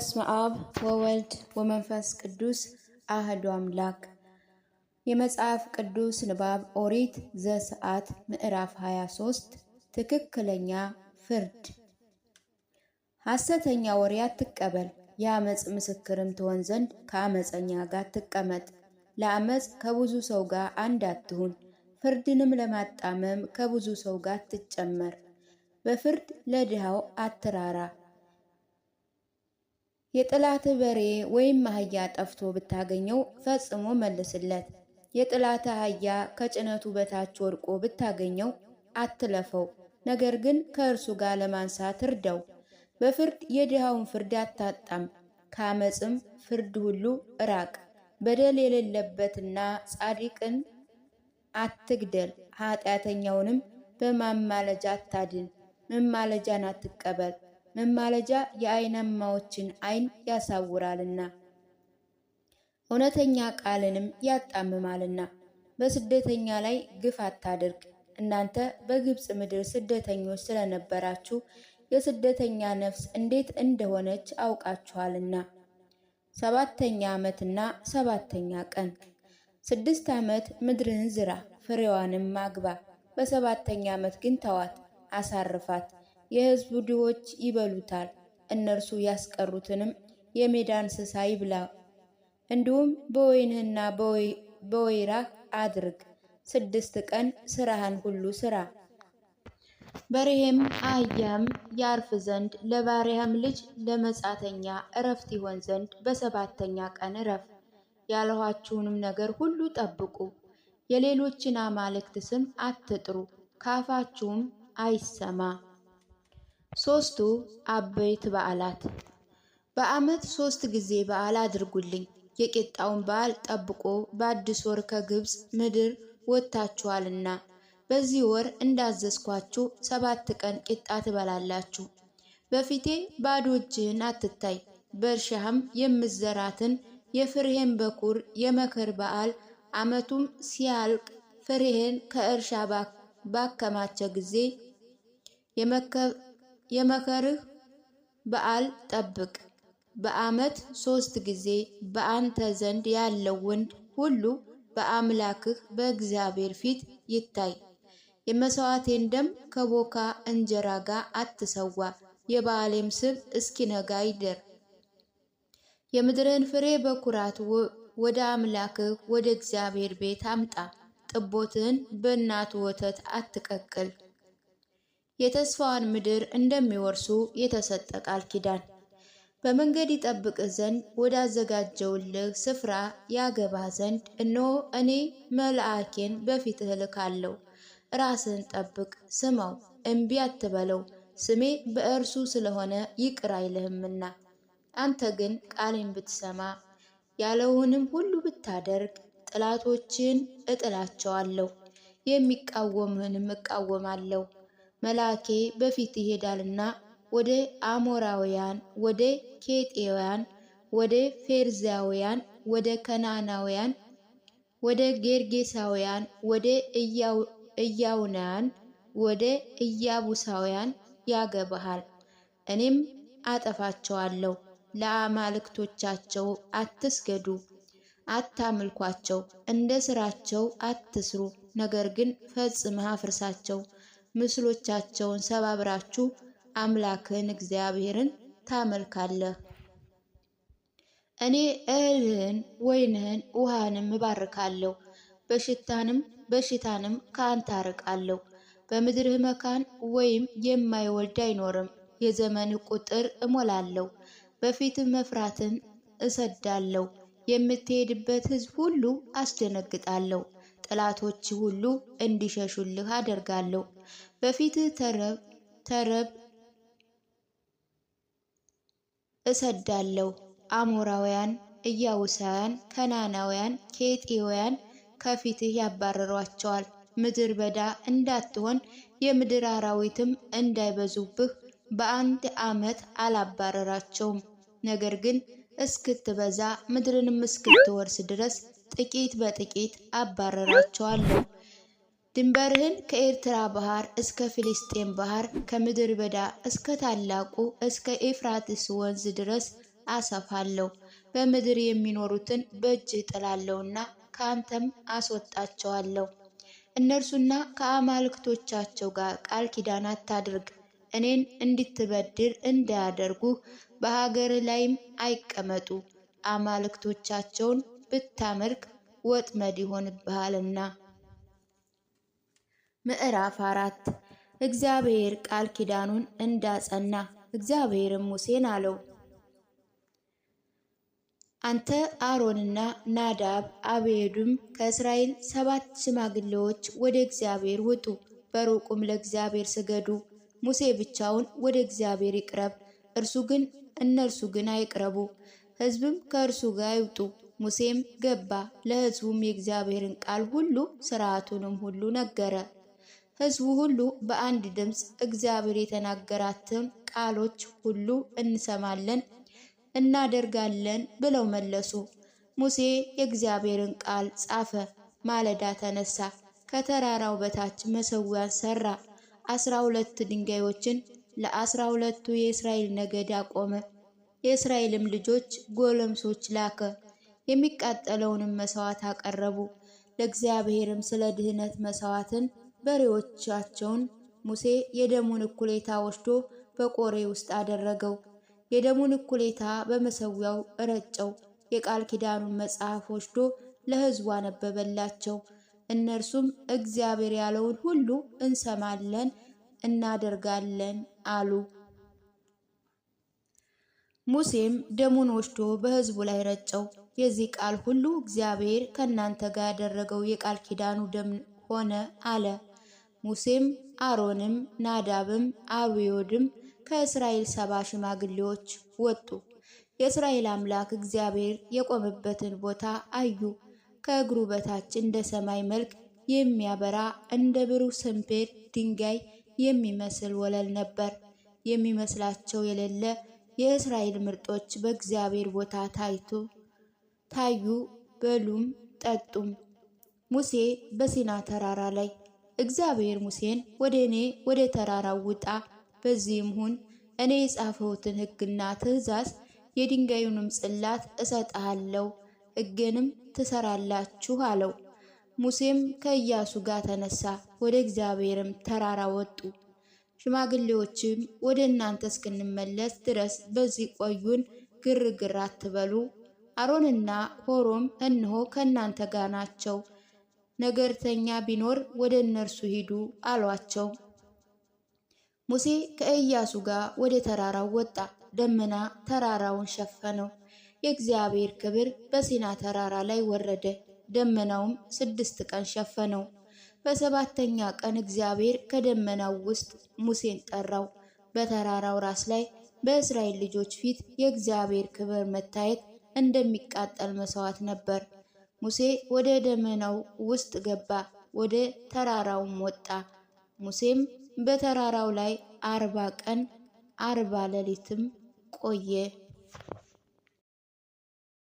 በስመ አብ ወወልድ ወመንፈስ ቅዱስ አህዱ አምላክ። የመጽሐፍ ቅዱስ ንባብ ኦሪት ዘሰዓት ምዕራፍ 23 ትክክለኛ ፍርድ። ሐሰተኛ ወሬ አትቀበል፣ የአመፅ ምስክርም ትሆን ዘንድ ከአመፀኛ ጋር ትቀመጥ። ለአመፅ ከብዙ ሰው ጋር አንድ አትሁን፣ ፍርድንም ለማጣመም ከብዙ ሰው ጋር አትጨመር። በፍርድ ለድሃው አትራራ፣ የጥላት በሬ ወይም አህያ ጠፍቶ ብታገኘው ፈጽሞ መልስለት። የጥላት አህያ ከጭነቱ በታች ወድቆ ብታገኘው አትለፈው፣ ነገር ግን ከእርሱ ጋር ለማንሳት እርዳው። በፍርድ የድሃውን ፍርድ አታጣም፣ ከአመፅም ፍርድ ሁሉ ራቅ። በደል የሌለበትና ጻድቅን አትግደል፣ ኃጢአተኛውንም በማማለጃ አታድን፣ መማለጃን አትቀበል። መማለጃ የአይናማዎችን አይን ያሳውራልና እውነተኛ ቃልንም ያጣምማልና። በስደተኛ ላይ ግፍ አታድርግ። እናንተ በግብፅ ምድር ስደተኞች ስለነበራችሁ የስደተኛ ነፍስ እንዴት እንደሆነች አውቃችኋልና። ሰባተኛ ዓመትና ሰባተኛ ቀን ስድስት ዓመት ምድርን ዝራ፣ ፍሬዋንም ማግባ። በሰባተኛ ዓመት ግን ተዋት፣ አሳርፋት የሕዝቡ ድሆች ይበሉታል፣ እነርሱ ያስቀሩትንም የሜዳ እንስሳ ይብላ። እንዲሁም በወይንህና በወይራህ አድርግ። ስድስት ቀን ስራህን ሁሉ ስራ። በሬህም አህያም ያርፍ ዘንድ ለባሪያህም ልጅ ለመጻተኛ እረፍት ይሆን ዘንድ በሰባተኛ ቀን እረፍ። ያለኋችሁንም ነገር ሁሉ ጠብቁ። የሌሎችን አማልክት ስም አትጥሩ፣ ካፋችሁም አይሰማ። ሶስቱ አበይት በዓላት በዓመት ሶስት ጊዜ በዓል አድርጉልኝ። የቂጣውን በዓል ጠብቆ በአዲስ ወር ከግብፅ ምድር ወጥታችኋልና በዚህ ወር እንዳዘዝኳችሁ ሰባት ቀን ቂጣ ትበላላችሁ። በፊቴ ባዶ እጅህን አትታይ። በእርሻህም የምዘራትን የፍሬህን በኩር የመከር በዓል ዓመቱም ሲያልቅ ፍሬህን ከእርሻ ባከማቸ ጊዜ የመከርህ በዓል ጠብቅ። በዓመት ሶስት ጊዜ በአንተ ዘንድ ያለው ወንድ ሁሉ በአምላክህ በእግዚአብሔር ፊት ይታይ። የመሥዋዕቴን ደም ከቦካ እንጀራ ጋር አትሰዋ፣ የበዓሌም ስብ እስኪነጋ ይደር። የምድርህን ፍሬ በኩራት ወደ አምላክህ ወደ እግዚአብሔር ቤት አምጣ። ጥቦትህን በእናቱ ወተት አትቀቅል። የተስፋዋን ምድር እንደሚወርሱ የተሰጠ ቃል ኪዳን በመንገድ ይጠብቅህ ዘንድ ወዳዘጋጀውልህ ስፍራ ያገባህ ዘንድ እነሆ እኔ መልአኬን በፊትህ እልካለሁ። ራስህን ጠብቅ፣ ስማው፣ እምቢ አትበለው፣ ስሜ በእርሱ ስለሆነ ይቅር አይልህምና። አንተ ግን ቃሌን ብትሰማ ያለውንም ሁሉ ብታደርግ ጠላቶችን እጥላቸዋለሁ፣ የሚቃወምህንም እቃወማለሁ መልአኬ በፊት ይሄዳልና ወደ አሞራውያን፣ ወደ ኬጤውያን፣ ወደ ፌርዛውያን፣ ወደ ከናናውያን፣ ወደ ጌርጌሳውያን፣ ወደ እያውናን፣ ወደ እያቡሳውያን ያገባሃል። እኔም አጠፋቸዋለሁ። ለአማልክቶቻቸው አትስገዱ፣ አታምልኳቸው፣ እንደ ስራቸው አትስሩ። ነገር ግን ፈጽመህ አፍርሳቸው። ምስሎቻቸውን ሰባብራችሁ አምላክን እግዚአብሔርን ታመልካለህ። እኔ እህልህን ወይንህን ውሃንም እባርካለሁ፣ በሽታንም በሽታንም ከአንተ አርቃለሁ። በምድርህ መካን ወይም የማይወልድ አይኖርም። የዘመንህ ቁጥር እሞላለሁ፣ በፊትህ መፍራትን እሰዳለሁ። የምትሄድበት ሕዝብ ሁሉ አስደነግጣለሁ። ጠላቶች ሁሉ እንዲሸሹልህ አደርጋለሁ። በፊትህ ተረብ ተረብ እሰዳለሁ። አሞራውያን፣ ኢያቡሳውያን፣ ከናናውያን፣ ኬጤውያን ከፊትህ ያባረሯቸዋል። ምድር በዳ እንዳትሆን የምድር አራዊትም እንዳይበዙብህ በአንድ ዓመት አላባረራቸውም። ነገር ግን እስክትበዛ ምድርንም እስክትወርስ ድረስ ጥቂት በጥቂት አባረራቸዋለሁ። ድንበርህን ከኤርትራ ባህር እስከ ፊልስጤን ባህር ከምድር በዳ እስከ ታላቁ እስከ ኤፍራጥስ ወንዝ ድረስ አሰፋለሁ። በምድር የሚኖሩትን በእጅህ ጥላለውና ከአንተም አስወጣቸዋለሁ። እነርሱና ከአማልክቶቻቸው ጋር ቃል ኪዳን አታድርግ፣ እኔን እንድትበድል እንዳያደርጉ በሀገር ላይም አይቀመጡ። አማልክቶቻቸውን ብታመልክ ወጥመድ ይሆንብሃልና። ምዕራፍ አራት እግዚአብሔር ቃል ኪዳኑን እንዳጸና። እግዚአብሔርም ሙሴን አለው፣ አንተ አሮንና ናዳብ አብኤዱም ከእስራኤል ሰባት ሽማግሌዎች ወደ እግዚአብሔር ውጡ፣ በሩቁም ለእግዚአብሔር ስገዱ። ሙሴ ብቻውን ወደ እግዚአብሔር ይቅረብ፣ እርሱ ግን እነርሱ ግን አይቅረቡ፣ ሕዝብም ከእርሱ ጋር አይውጡ። ሙሴም ገባ፣ ለሕዝቡም የእግዚአብሔርን ቃል ሁሉ ሥርዓቱንም ሁሉ ነገረ። ሕዝቡ ሁሉ በአንድ ድምፅ እግዚአብሔር የተናገራትን ቃሎች ሁሉ እንሰማለን እናደርጋለን ብለው መለሱ። ሙሴ የእግዚአብሔርን ቃል ጻፈ። ማለዳ ተነሳ፣ ከተራራው በታች መሰዊያን ሰራ። አስራ ሁለት ድንጋዮችን ለአስራ ሁለቱ የእስራኤል ነገድ አቆመ። የእስራኤልም ልጆች ጎለምሶች ላከ። የሚቃጠለውንም መስዋዕት አቀረቡ። ለእግዚአብሔርም ስለ ድህነት መስዋዕትን በሬዎቻቸውን ሙሴ የደሙን እኩሌታ ወስዶ በቆሬ ውስጥ አደረገው። የደሙን እኩሌታ በመሰዊያው ረጨው። የቃል ኪዳኑን መጽሐፍ ወስዶ ለሕዝቡ አነበበላቸው። እነርሱም እግዚአብሔር ያለውን ሁሉ እንሰማለን እናደርጋለን አሉ። ሙሴም ደሙን ወስዶ በሕዝቡ ላይ ረጨው። የዚህ ቃል ሁሉ እግዚአብሔር ከእናንተ ጋር ያደረገው የቃል ኪዳኑ ደም ሆነ አለ። ሙሴም አሮንም ናዳብም አብዮድም ከእስራኤል ሰባ ሽማግሌዎች ወጡ። የእስራኤል አምላክ እግዚአብሔር የቆመበትን ቦታ አዩ። ከእግሩ በታች እንደ ሰማይ መልክ የሚያበራ እንደ ብሩህ ስንፔር ድንጋይ የሚመስል ወለል ነበር። የሚመስላቸው የሌለ የእስራኤል ምርጦች በእግዚአብሔር ቦታ ታይቶ ታዩ፣ በሉም ጠጡም። ሙሴ በሲና ተራራ ላይ እግዚአብሔር ሙሴን ወደ እኔ ወደ ተራራው ውጣ፣ በዚህም ሁን እኔ የጻፈውትን ሕግና ትእዛዝ የድንጋዩንም ጽላት እሰጥሃለሁ፣ ሕግንም ትሰራላችሁ አለው። ሙሴም ከኢያሱ ጋር ተነሳ፣ ወደ እግዚአብሔርም ተራራ ወጡ። ሽማግሌዎችም ወደ እናንተ እስክንመለስ ድረስ በዚህ ቆዩን፣ ግርግር አትበሉ አሮንና ሆሮም እነሆ ከእናንተ ጋር ናቸው፣ ነገርተኛ ቢኖር ወደ እነርሱ ሂዱ አሏቸው። ሙሴ ከኢያሱ ጋር ወደ ተራራው ወጣ፣ ደመና ተራራውን ሸፈነው። የእግዚአብሔር ክብር በሲና ተራራ ላይ ወረደ፣ ደመናውም ስድስት ቀን ሸፈነው። በሰባተኛ ቀን እግዚአብሔር ከደመናው ውስጥ ሙሴን ጠራው። በተራራው ራስ ላይ በእስራኤል ልጆች ፊት የእግዚአብሔር ክብር መታየት እንደሚቃጠል መስዋዕት ነበር። ሙሴ ወደ ደመናው ውስጥ ገባ፣ ወደ ተራራውም ወጣ። ሙሴም በተራራው ላይ አርባ ቀን አርባ ሌሊትም ቆየ።